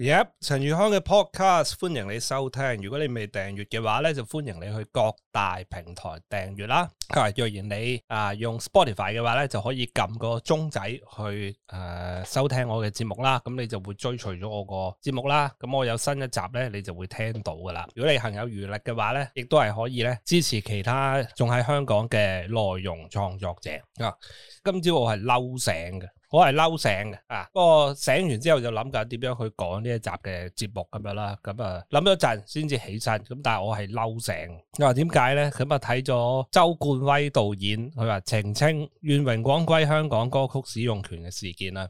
yep 陳如康嘅 podcast，歡迎你收聽。如果你未訂閱嘅話咧，就歡迎你去各大平台訂閱啦。啊，若然你啊、呃、用 Spotify 嘅話咧，就可以撳個鐘仔去誒、呃、收聽我嘅節目啦。咁你就會追隨咗我個節目啦。咁我有新一集咧，你就會聽到噶啦。如果你行有餘力嘅話咧，亦都係可以咧支持其他仲喺香港嘅內容創作者啊。今朝我係嬲醒嘅。我係嬲醒嘅，不過醒完之後就諗緊點樣去講呢一集嘅節目咁樣啦，咁啊諗咗陣先至起身，但係我係嬲醒。你話點解呢？咁啊睇咗周冠威導演佢話澄清《願榮光歸香港》歌曲使用權嘅事件啦，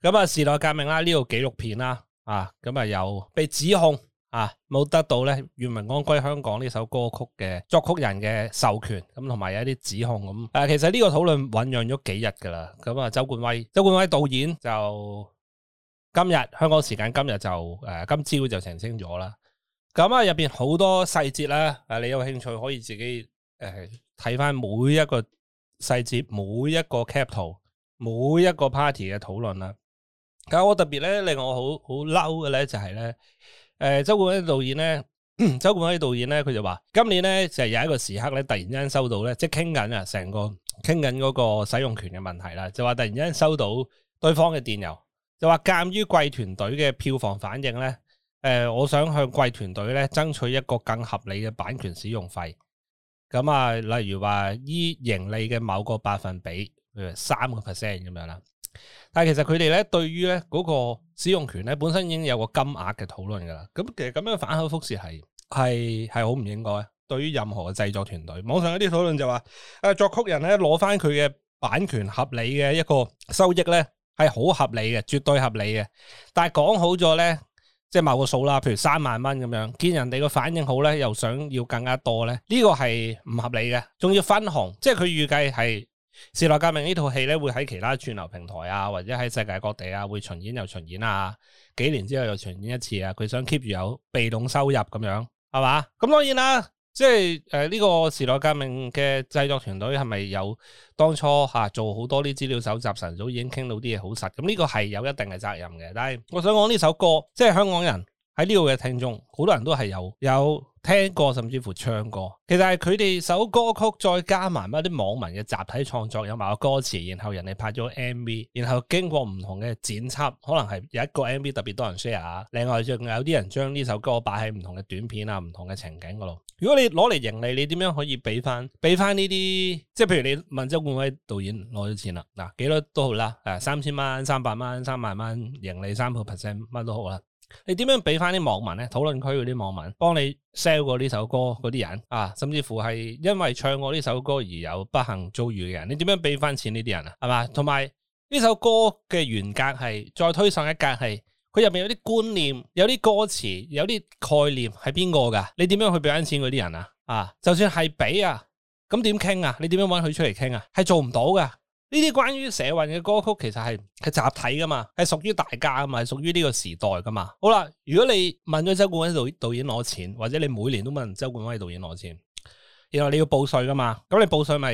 咁時代革命呀呢個紀錄片啦，啊咁有被指控。啊！冇得到咧《願民安歸香港》呢首歌曲嘅作曲人嘅授權，咁同埋有一啲指控咁、啊。其實呢個討論醖釀咗幾日噶啦。咁啊，周冠威，周冠威導演就今日香港時間今日就今朝就澄清咗啦。咁啊，入、啊、面好多細節啦。啊，你有興趣可以自己睇翻、啊、每一個細節、每一個 cap 圖每一個 party 嘅討論啦。咁、啊、我特別咧令我好好嬲嘅咧就係、係、咧。誒、呃，周冠威導演咧，周冠威導演咧，佢就話今年咧，就係、是、有一個時刻咧，突然之間收到咧，即係傾緊啊，成個傾緊嗰個使用權嘅問題啦，就話突然之間收到對方嘅電郵，就話鑑於貴團隊嘅票房反應咧，誒、呃，我想向貴團隊咧爭取一個更合理嘅版權使用費，咁啊，例如話依盈利嘅某個百分比，譬如三個 percent 咁樣啦、啊。但係其實佢哋咧對於咧嗰個使用權咧本身已經有個金額嘅討論噶啦，咁其實咁樣反口覆舌係係係好唔應該，對於任何嘅製作團隊。網上有啲討論就話，誒，作曲人咧攞翻佢嘅版權合理嘅一個收益咧係好合理嘅，絕對合理嘅。但係講好咗咧，即係某個數啦，譬如三萬蚊咁樣，見人哋個反應好咧，又想要更加多咧，呢個係唔合理嘅，仲要分紅，即係佢預計係。時代革命呢套戲咧會喺其他串流平台啊，或者喺世界各地啊會巡演、又巡演啊，幾年之後又巡演一次啊，佢想 keep 住有被動收入咁樣係嘛？咁、嗯、當然啦，即係誒呢個時代革命嘅製作團隊係咪有當初吓、啊、做好多啲資料搜集，神早已經傾到啲嘢好實？咁、嗯、呢、這個係有一定嘅責任嘅。但係我想講呢首歌，即係香港人喺呢度嘅聽眾，好多人都係有有。有聽過甚至乎唱過，其實係佢哋首歌曲，再加埋某啲網民嘅集體創作，有埋個歌詞，然後人哋拍咗 MV，然後經過唔同嘅剪輯，可能係有一個 MV 特別多人 share。另外仲有啲人將呢首歌擺喺唔同嘅短片啊、唔同嘅情景嗰度。如果你攞嚟盈利，你點樣可以俾翻俾翻呢啲？即係譬如你問周冠威導演攞咗錢啦，嗱幾多都好啦，誒三千蚊、三百蚊、三萬蚊，盈利三個 percent 乜都好啦。你點樣俾翻啲網民咧？討論區嗰啲網民幫你 sell 過呢首歌嗰啲人啊，甚至乎係因為唱過呢首歌而有不幸遭遇嘅人，你點樣俾翻錢呢啲人啊？係嘛？同埋呢首歌嘅原格係再推上一格，係佢入面有啲觀念、有啲歌詞、有啲概念係邊個噶？你點樣去俾翻錢嗰啲人啊？啊，就算係俾啊，咁點傾啊？你點樣揾佢出嚟傾啊？係做唔到噶。呢啲關於社運嘅歌曲，其實係係集體噶嘛，係屬於大家噶嘛，係屬於呢個時代噶嘛。好啦，如果你問咗周冠威導導演攞錢，或者你每年都問周冠威導演攞錢，然後你要報稅噶嘛？咁你報稅咪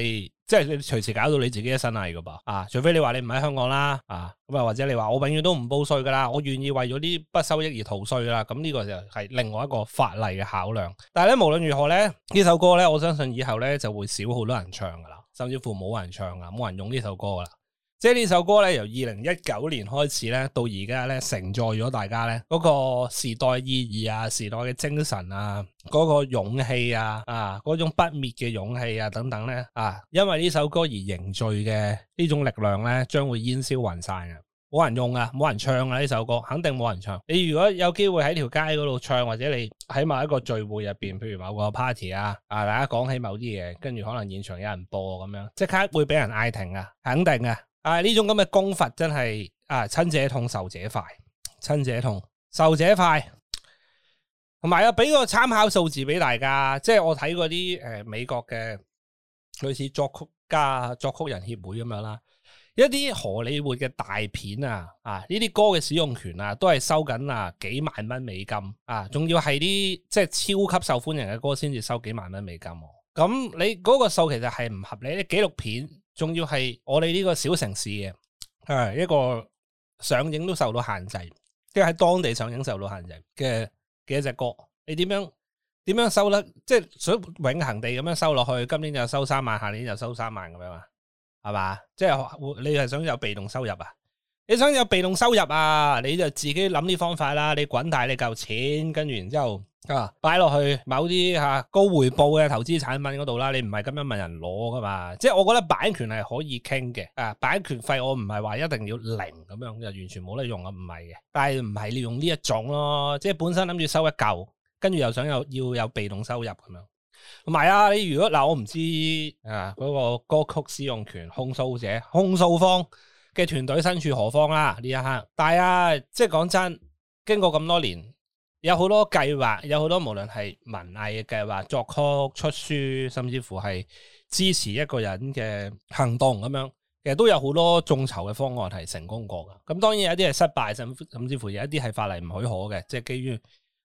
即係你隨時搞到你自己一身蟻噶噃？啊，除非你話你唔喺香港啦，啊咁啊，或者你話我永遠都唔報稅噶啦，我願意為咗呢筆收益而逃稅噶啦。咁呢個就係另外一個法例嘅考量。但係咧，無論如何咧，呢首歌咧，我相信以後咧就會少好多人唱噶啦。甚至乎冇人唱啊，冇人用呢首歌噶啦。即係呢首歌咧，由二零一九年開始咧，到而家咧，承載咗大家咧嗰個時代意義啊、時代嘅精神啊、嗰個勇氣啊、啊嗰種不滅嘅勇氣啊等等咧啊，因為呢首歌而凝聚嘅呢種力量咧，將會煙消雲散啊！冇人用啊，冇人唱啊！呢首歌肯定冇人唱。你如果有機會喺條街嗰度唱，或者你喺某一個聚會入邊，譬如某個 party 啊，啊大家講起某啲嘢，跟住可能現場有人播咁樣，即刻會俾人嗌停啊！肯定嘅啊！啊呢種咁嘅功法真係啊，親者痛，仇者快，親者痛，仇者快。同埋啊俾個參考數字俾大家，即係我睇嗰啲誒美國嘅類似作曲家、作曲人協會咁樣啦。一啲荷里活嘅大片啊，啊呢啲歌嘅使用權啊，都係收緊啊幾萬蚊美金啊，仲要係啲即係超級受歡迎嘅歌先至收幾萬蚊美金。咁你嗰個數其實係唔合理。啲紀錄片仲要係我哋呢個小城市嘅，啊，一個上映都受到限制，即係喺當地上映受到限制嘅幾隻歌，你點樣點樣收得？即係想永恆地咁樣收落去，今年就收三萬，下年就收三萬咁樣啊？係嘛？即係你係想有被動收入啊？你想有被動收入啊？你就自己諗啲方法啦。你滾大你嚿錢，跟住然之後啊，擺落去某啲吓高回報嘅投資產品嗰度啦。你唔係咁樣問人攞噶嘛？即係我覺得版權係可以傾嘅啊！版權費我唔係話一定要零咁樣，就完全冇得用啊，唔係嘅。但係唔係利用呢一種咯，即係本身諗住收一嚿，跟住又想有要有被動收入咁樣。同埋啊！你如果嗱、啊，我唔知啊嗰、那個歌曲使用權控訴者控訴方嘅團隊身處何方啦、啊？呢一刻，但係啊，即係講真，經過咁多年，有好多計劃，有好多無論係文藝嘅計劃、作曲、出書，甚至乎係支持一個人嘅行動咁樣，其實都有好多眾籌嘅方案係成功過㗎。咁當然有一啲係失敗，甚甚至乎有一啲係法例唔許可嘅，即係基於。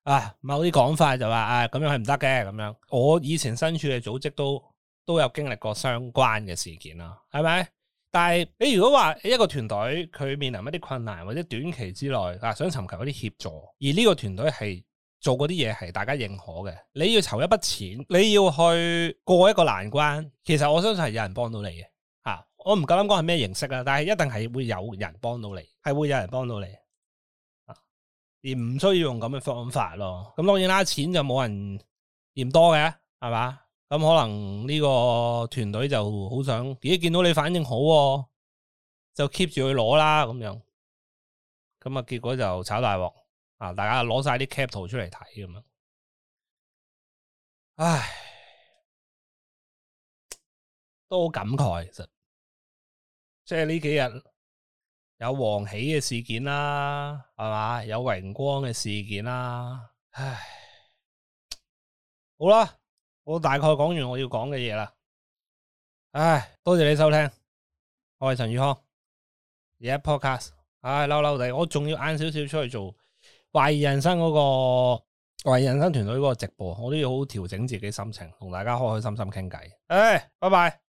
啊，某啲講法就話啊，咁樣係唔得嘅，咁樣。我以前身處嘅組織都都有經歷過相關嘅事件啦，係咪？但係你如果話一個團隊佢面臨一啲困難，或者短期之內啊，想尋求一啲協助，而呢個團隊係做嗰啲嘢係大家認可嘅，你要籌一筆錢，你要去過一個難關，其實我相信係有人幫到你嘅。吓，我唔夠膽講係咩形式啦，但係一定係會有人幫到你，係會有人幫到你。而唔需要用咁嘅方法咯，咁當然啦，錢就冇人嫌多嘅，係嘛？咁可能呢個團隊就好想，咦？見到你反應好、啊，就 keep 住去攞啦，咁樣。咁啊，結果就炒大鑊啊！大家攞晒啲 cap 圖出嚟睇咁樣，唉，都好感慨，其實即係呢幾日。有黃喜嘅事件啦、啊，係嘛？有榮光嘅事件啦、啊，唉，好啦，我大概講完我要講嘅嘢啦，唉，多謝你收聽，我係陳宇康而家 podcast，唉，嬲嬲地，我仲要晏少少出去做懷疑人生嗰個懷疑人生團隊嗰個直播，我都要好好調整自己心情，同大家開開心心傾偈，唉，拜拜。